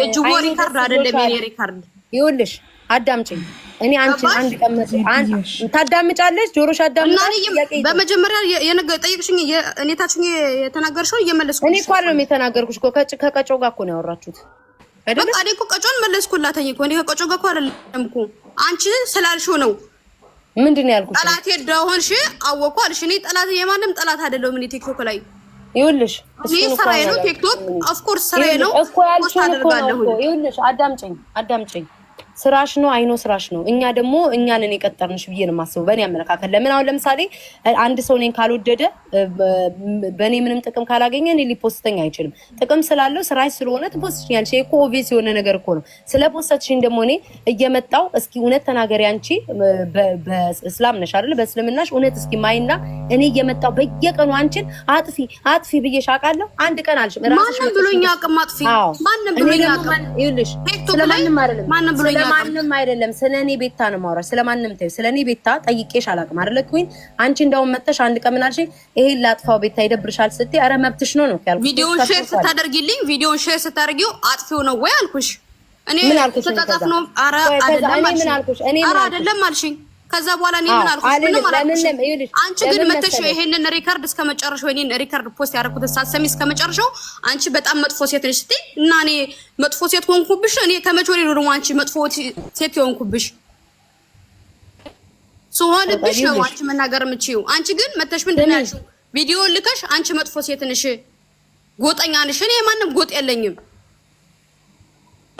የጅቦ ሪካርድ አይደለም የኔ ሪካርድ። ይኸውልሽ አዳምጪኝ። እኔ አንቺ አንድ ቀመጥ ታዳምጫለሽ፣ ጆሮሽ አዳምጫ። በመጀመሪያ የነገ ጠይቅሽኝ፣ እኔ ታችኝ የተናገርሽው እየመለስኩ እኔ እኮ አይደለም የተናገርኩሽ እኮ ከቀጮ ጋር እኮ ነው ያወራችሁት። በቃ እኔ እኮ ቀጮን መለስኩላተኝ እኮ እኔ ከቀጮ ጋር እኮ አይደለም እኮ አንቺ ስላልሽው ነው። ምንድን ነው ያልኩሽ? ጠላት እንደሆንሽ አወኩ አልሽ። እኔ ጠላት የማንም ጠላት አይደለሁም። እኔ ቲክቶክ ላይ ይኸውልሽ ስራዬ ነው። ቲክቶክ ኦፍኮርስ ስራዬ ነው እኮ ያልሽኝ እኮ ነው። ይኸውልሽ አዳምጪኝ፣ አዳምጪኝ ስራሽ ነው አይኖ ስራሽ ነው። እኛ ደግሞ እኛንን የቀጠርንሽ ብዬ ነው የማስበው፣ በእኔ አመለካከት። ለምን አሁን ለምሳሌ አንድ ሰው እኔን ካልወደደ በእኔ ምንም ጥቅም ካላገኘ እኔ ሊፖስተኝ አይችልም። ጥቅም ስላለው ስራሽ ስለሆነ ትፖስትኛለሽ። እኮ ኦቪየስ የሆነ ነገር እኮ ነው። ስለ ፖስተሽኝ ደግሞ እኔ እየመጣው እስኪ እውነት ተናገሪ አንቺ በእስላም ነሽ አይደል? በእስልምናሽ እውነት እስኪ ማይና እኔ እየመጣው በየቀኑ አንቺን አጥፊ አጥፊ ብዬ ሻቃለሁ። አንድ ቀን አልሽም። ማንም ብሎኛ አቅም አጥፊ ማንም ብሎኛ አቅም ይልሽ ስለማንም አይደለም ማንም ብሎኛ ስለማንም አይደለም፣ ስለ እኔ ቤታ ነው የማወራሽ። ስለማንም ተይው፣ ስለ እኔ ቤታ ጠይቄሽ አላውቅም አይደለ ኩኝ። አንቺ እንደውም መጥተሽ አንድ ቀን ምን አልሽኝ? ይሄን ላጥፋው ቤታ ይደብርሻል ስትይ፣ ኧረ መብትሽ ነው ነው ያልኩሽ። ቪዲዮን ሼር ስታደርጊልኝ፣ ቪዲዮን ሼር ስታደርጊው አጥፊው ነው ወይ አልኩሽ። እኔ ተጣጣፍ ነው። ኧረ አይደለም አልሽኝ ከዛ በኋላ እኔ ምን አልኩት? ምንም አላልኩሽም። አንቺ ግን መተሽ ይሄንን ሪከርድ እስከ መጨረሻው እኔን ሪከርድ ፖስት ያደረኩትን ሳትሰሚ እስከ መጨረሻው አንቺ በጣም መጥፎ ሴት ነሽ ስትይ እና እኔ መጥፎ ሴት ሆንኩብሽ። እኔ ከመቼ ወዲህ ነው አንቺ መጥፎ ሴት የሆንኩብሽ? ስሆንብሽ ነው አንቺ መናገር የምችይው። አንቺ ግን መተሽ ምንድን ነው ያልሽው? ቪዲዮ ልከሽ አንቺ መጥፎ ሴት ነሽ፣ ጎጠኛ ነሽ። እኔ ማንም ጎጥ የለኝም።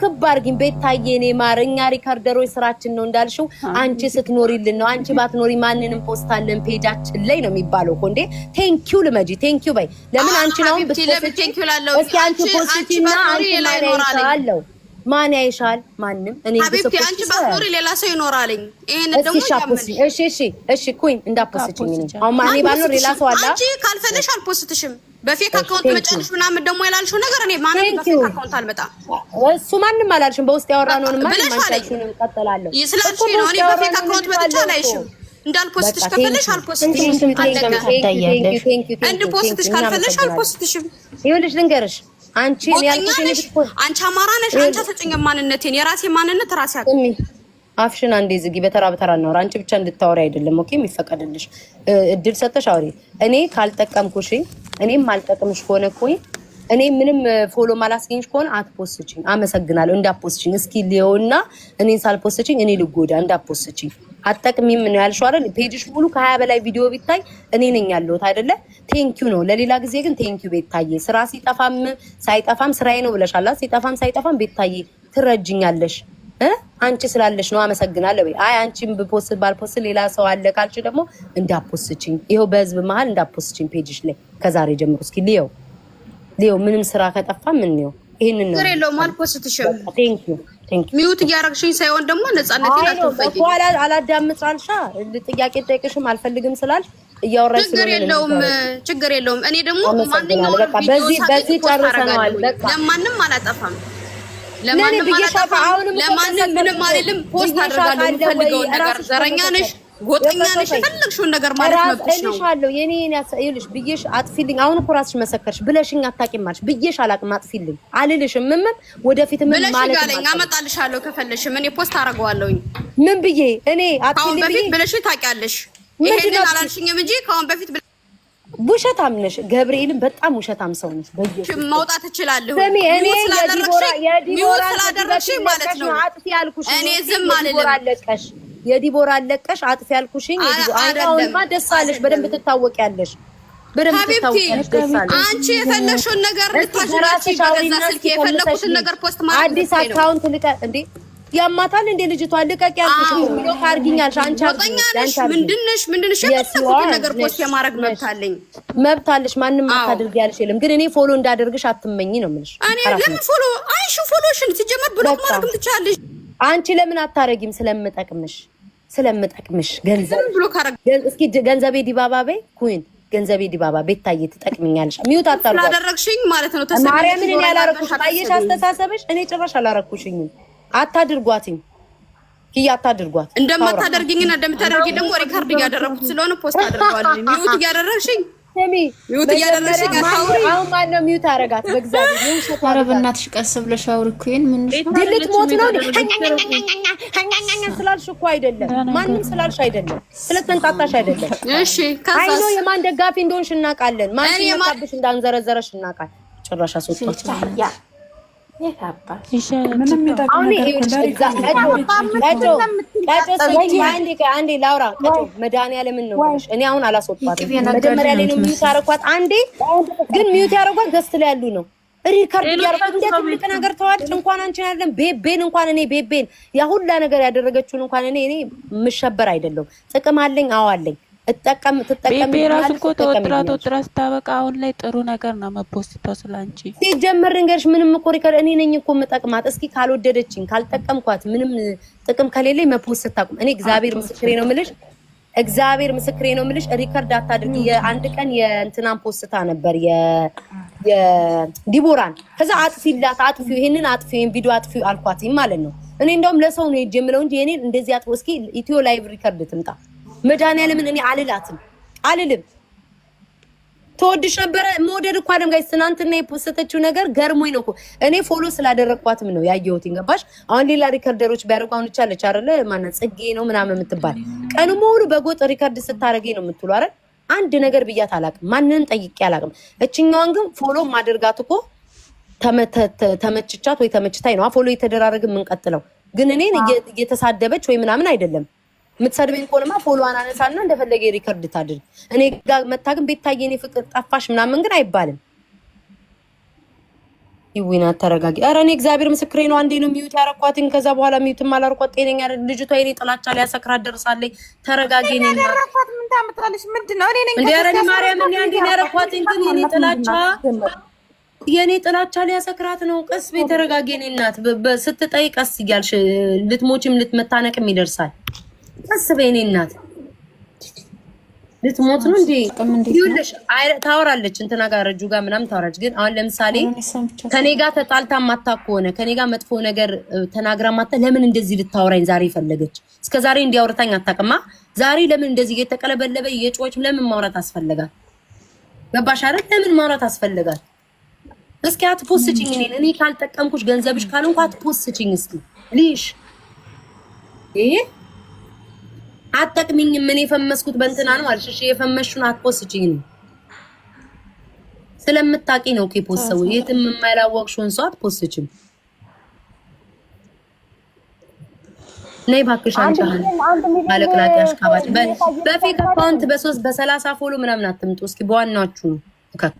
ክብክብ አድርጊኝ ቤታዬ፣ እኔ ማር፣ እኛ ሪከርደሮች ስራችን ነው እንዳልሽው፣ አንቺ ስትኖሪልን ነው። አንቺ ባትኖሪ ማንንም ፖስታለን ፔጃችን ላይ ነው የሚባለው እኮ እንዴ። ቴንኪዩ ልመጂ፣ ቴንኪዩ በይ። ለምን አንቺ ነው ብትለብ ቴንኪዩ ላለው እስኪ አንቺ ፖስቲቭ እና አንቺ ላይ ነው አለው ማን ያይሻል? ማንም። እኔ ሀቢብቲ አንቺ ባትኖሪ ሌላ ሰው ይኖራልኝ። ይሄን ደግሞ ሻፖስ እሺ፣ እሺ፣ እሺ። ኩኝ እንዳፖስችኝ ነው አሁን ማን ባኖር ሌላ ሰው አለ። አንቺ ካልፈለሽ አልፖስትሽም። በፌክ አካውንት መጫንሽ ምናምን ደግሞ ያላልሽው ነገር እኔ ማንም በፌክ አካውንት አልመጣም። እሱ ማንም አላልሽም። በውስጥ ያወራ ነው ማንም ማንቻችሁንም እንቀጥላለሁ ይስላልሽ ነው። እኔ በፌክ አካውንት መጥቻ አላይሽም። እንዳልፖስትሽ ከፈለሽ አልፖስትሽም። አለቀ። እንድፖስትሽ ካልፈለሽ አልፖስትሽም። ይኸውልሽ ልንገርሽ አንቺ አንቺ አማራ ነሽ። አንቺ ሰጭኝ ማንነቴን የራሴ ማንነት ራሴ አቅም አፍሽን አንዴ ዝጊ። በተራ በተራ እናወራ። አንቺ ብቻ እንድታወሪ አይደለም ኦኬ? የሚፈቀድልሽ እድል ሰጠሽ አውሪ። እኔ ካልጠቀምኩሽ እኔም አልጠቅምሽ ከሆነ እኮ እኔ ምንም ፎሎ ማላስገኝሽ ከሆነ አትፖስችኝ። አመሰግናለሁ። እንዳፖስችኝ እስኪ ሊየውና እኔን ሳልፖስችኝ እኔ ልጎዳ። እንዳፖስችኝ አጠቅሚም ነው ያልሽው አይደል? ፔጅሽ ሙሉ ከሀያ በላይ ቪዲዮ ቢታይ እኔ ነኝ ያለሁት አይደለ? ቴንኪዩ ነው። ለሌላ ጊዜ ግን ቴንኪዩ ቤታዬ። ስራ ሲጠፋም ሳይጠፋም ስራዬ ነው ብለሻላ። ሲጠፋም ሳይጠፋም ቤታዬ ትረጅኛለሽ አንቺ ስላለሽ ነው። አመሰግናለሁ። አይ አንቺም ብፖስት ባልፖስት ሌላ ሰው አለ ካልሽ ደግሞ እንዳፖስችኝ። ይኸው በህዝብ መሀል እንዳፖስችኝ ፔጅሽ ላይ ከዛሬ ጀምሮ እስኪ ልየው። ሊዮ ምንም ስራ ከጠፋ ምን ነው ይሄንን ነው ግሬሎ ማልፖስትሽም ቴንክ ቴንክ ዩ ሚውት እያረግሽኝ ሳይሆን ደግሞ ነጻነት ይላተፈቂ በኋላ ጥያቄ ጠይቅሽም አልፈልግም ስላል እያወራሽ ችግር የለውም ችግር የለውም እኔ ደግሞ ማንኛውም በቃ በዚህ በዚህ ጨርሰናል በቃ ለማንም አላጠፋም ለማንም አላጠፋም ለማንም ምንም አይደለም ፖስት አደርጋለሁ የምፈልገውን ነገር ዘረኛ ነሽ ጎጥኛ ነሽ፣ የፈለግሽውን ነገር ማለት መብትሽ ነው። እልሻለሁ የኔ ብዬሽ አጥፊልኝ። አሁን እኮ ራስሽ መሰከርሽ። ብለሽኝ አታውቂም አልሽ ብዬሽ አላውቅም። አጥፊልኝ አልልሽም። ምን ወደፊት ምን ማለት ነው? አመጣልሻለሁ ከፈለሽ ምን ፖስት አደርገዋለሁኝ። ምን ብዬ እኔ አጥፊልኝ ብዬ ብለሽ ታውቂያለሽ። ይሄንን አላልሽኝም እንጂ ከአሁን በፊት ውሸታም ነሽ። ገብርኤልን በጣም ውሸታም ሰው ነሽ። በየሽ ማውጣት እችላለሁ። ስሚ እኔ ስላደረግሽ ማለት ነው። እኔ ዝም አልልም። የዲቦራ አለቀሽ አጥፊ ያልኩሽኝ አሁንማ ደስ አለሽ። በደንብ ትታወቂያለሽ። አንቺ የፈለሽውን ነገር ልታሽራሽ በገዛ ስልክ የፈለግኩትን ነገር ፖስት ማለት አዲስ አካውንት ልቀ እንዴ ያማታል እንዴ ልጅቷ ልቀቅ ያልኩሽ ብሎ ካርጊኛል። አንቺ አጥኛለሽ ምንድነሽ ምንድነሽ የፈለግኩትን ነገር ፖስት የማድረግ መብት አለኝ መብት አለሽ። ማንም አታድርጊ ያልሽ የለም። ግን እኔ ፎሎ እንዳደርግሽ አትመኝ ነው የምልሽ። እኔ ለምን ፎሎ አይሽ ፎሎሽን ሲጀመር ብሎክ ማድረግም ትችላለሽ። አንቺ ለምን አታረጊም? ስለምጠቅምሽ ስለምጠቅምሽ ገንዘቤ ዲባባ ቤ ኩን ገንዘቤ ዲባባ ቤታዬ ትጠቅምኛለሽ። ሚዩት አታርጉ ስላደረግሽኝ ማለት ነው። ማርያምን እኔ አላረኩሽ። ታየሽ አስተሳሰበሽ። እኔ ጭራሽ አላረኩሽኝም። አታድርጓትኝ ይህ አታድርጓት። እንደማታደርግኝና እንደምታደርግኝ ደግሞ ሪካርድ እያደረኩት ስለሆነ ፖስት አድርገዋል። ሚዩት እያደረግሽኝ ሚዩት እያደረግሽ አሁን ማነው ሚዩት አደረጋት? በእግዚአብሔር ኧረ በእናትሽ ቀስ ብለሽ አውሪ እኮ ይሄን ምን ድልት ሞት ነው ስላልሽ እኮ አይደለም፣ ማንም ስላልሽ አይደለም፣ ስለተንጣጣሽ አይደለም። እሺ አይኖ የማን ደጋፊ እንደሆንሽ እናውቃለን። ማን የማብሽ እንዳንዘረዘረሽ እናውቃለን። ጭራሽ አስወጣች። አንዴ ላውራ መድኃኒዓለምን ነው እኔ አሁን አላስወጣትም። መጀመሪያ ላይ ነው ሚዩት ያደረኳት። አንዴ ግን ሚዩት ያደረኳት ገዝት ላይ ያሉ ነው ሪከርድ ያደረኳት። እንደ ትልቅ ነገር ተዋጭ እንኳን አንቺን አይደለም ቤቤን እንኳን እኔ ቤቤን ያ ሁላ ነገር ያደረገችውን እንኳን እኔ እኔ የምሸበር አይደለሁም። ጥቅም አለኝ እጠቀም ትጠቀም ራሱ እኮ ተወጥራ ተወጥራ ስታበቃ አሁን ላይ ጥሩ ነገር ነው መፖስተው ስላንቺ ሲጀምር ንገርሽ ምንም እኮ ሪከር እኔ ነኝ እኮ የምጠቅማት። እስኪ ካልወደደችኝ ካልጠቀምኳት ምንም ጥቅም ከሌለኝ መፖስት ታቁም። እኔ እግዚአብሔር ምስክሬ ነው የምልሽ እግዚአብሔር ምስክሬ ነው የምልሽ ሪከርድ አታድርጊ። የአንድ ቀን የእንትናን ፖስታ ነበር የዲቦራን። ከዛ አጥፊላት አጥፊው፣ ይሄንን አጥፊው፣ ይሄን ቪዲዮ አጥፊው አልኳት ማለት ነው። እኔ እንደውም ለሰው ነው የጀምለው እንጂ የኔን እንደዚህ አጥፎ እስኪ ኢትዮ ላይቭ ሪከርድ ትምጣ መድኃኒዓለምን እኔ አልላትም አልልም። ተወድሽ ነበረ መውደድ እኮ አለም ጋይስ ትናንትና የፖስተችው ነገር ገርሞኝ ነው እኔ ፎሎ ስላደረግኳትም ነው ያየሁት። ገባሽ? አሁን ሌላ ሪከርደሮች ቢያደርጉ አሁን ቻለች አለ ማናት ጽጌ ነው ምናምን የምትባል ቀኑ ሙሉ በጎጥ ሪከርድ ስታደረገ ነው የምትሉ አረ አንድ ነገር ብያት አላቅም፣ ማንንም ጠይቄ አላቅም። እችኛዋን ግን ፎሎ ማደርጋት እኮ ተመችቻት ወይ ተመችታይ ነው ፎሎ የተደራረግ የምንቀጥለው። ግን እኔን እየተሳደበች ወይ ምናምን አይደለም የምትሰድበኝ ከሆነማ ፎሎ አናነሳና እንደፈለገ ሪከርድ ታድርግ። እኔ ጋ መታ ግን ቤታዬ እኔ ፍቅር ጠፋሽ ምናምን ግን አይባልም። ይዊና ተረጋጊ። ኧረ እኔ እግዚአብሔር ምስክሬ ነው። አንዴ ነው ሚዩት ያረኳትኝ። ከዛ በኋላ ሚዩት አላረኳት። ጤነኛ ልጅቷ የኔ ጥላቻ ሊያሰክራት ደርሳለኝ። ተረጋጊ። እኔ ያረኳት ምን ታምጣለሽ? ምንድን ነው እኔ ነኝ እንዴ? ኧረ ማርያም እኔ አንዴ ያረኳትኝ። ግን የኔ ጥላቻ የኔ ጥላቻ ሊያሰክራት ነው። ቀስ በይ ተረጋጊ። እኔ እናት ስትጠይ ቀስ እያልሽ ልትሞችም ልትመታነቅም ይደርሳል። ታስበ የኔ እናት ልትሞት ነው እንዴ? ይኸውልሽ ታወራለች እንትና ጋር ረጁ ጋር ምናምን ታወራለች። ግን አሁን ለምሳሌ ከኔ ጋር ተጣልታ ማታ ከሆነ ከኔ ጋር መጥፎ ነገር ተናግራ ማታ ለምን እንደዚህ ልታወራኝ ዛሬ ፈለገች? እስከ ዛሬ እንዲያወርታኝ አታውቅማ። ዛሬ ለምን እንደዚህ እየተቀለበለበ እየጮች ለምን ማውራት አስፈለጋል? ገባሽ አይደል? ለምን ማውራት አስፈለጋል? እስኪ አትፖስችኝ፣ እኔን እኔ ካልጠቀምኩሽ ገንዘብሽ ካልሆንኩ አትፖስችኝ እስኪ ልሽ ይሄ አጠቅሚኝም። እኔ የፈመስኩት በእንትና ነው አልሽ። የፈመሽውን አትፖስችኝ ነው ስለምታቂ ነው ኬፖስ ሰው የትም የማይላወቅሽውን ሰው አትፖስችም። ነይ እባክሽ አንቺ አለቅላቂ አሽቃባጭ በፌክ አካውንት በሶስት በሰላሳ ፎሎ ምናምን አትምጡ። እስኪ በዋናችሁ ነው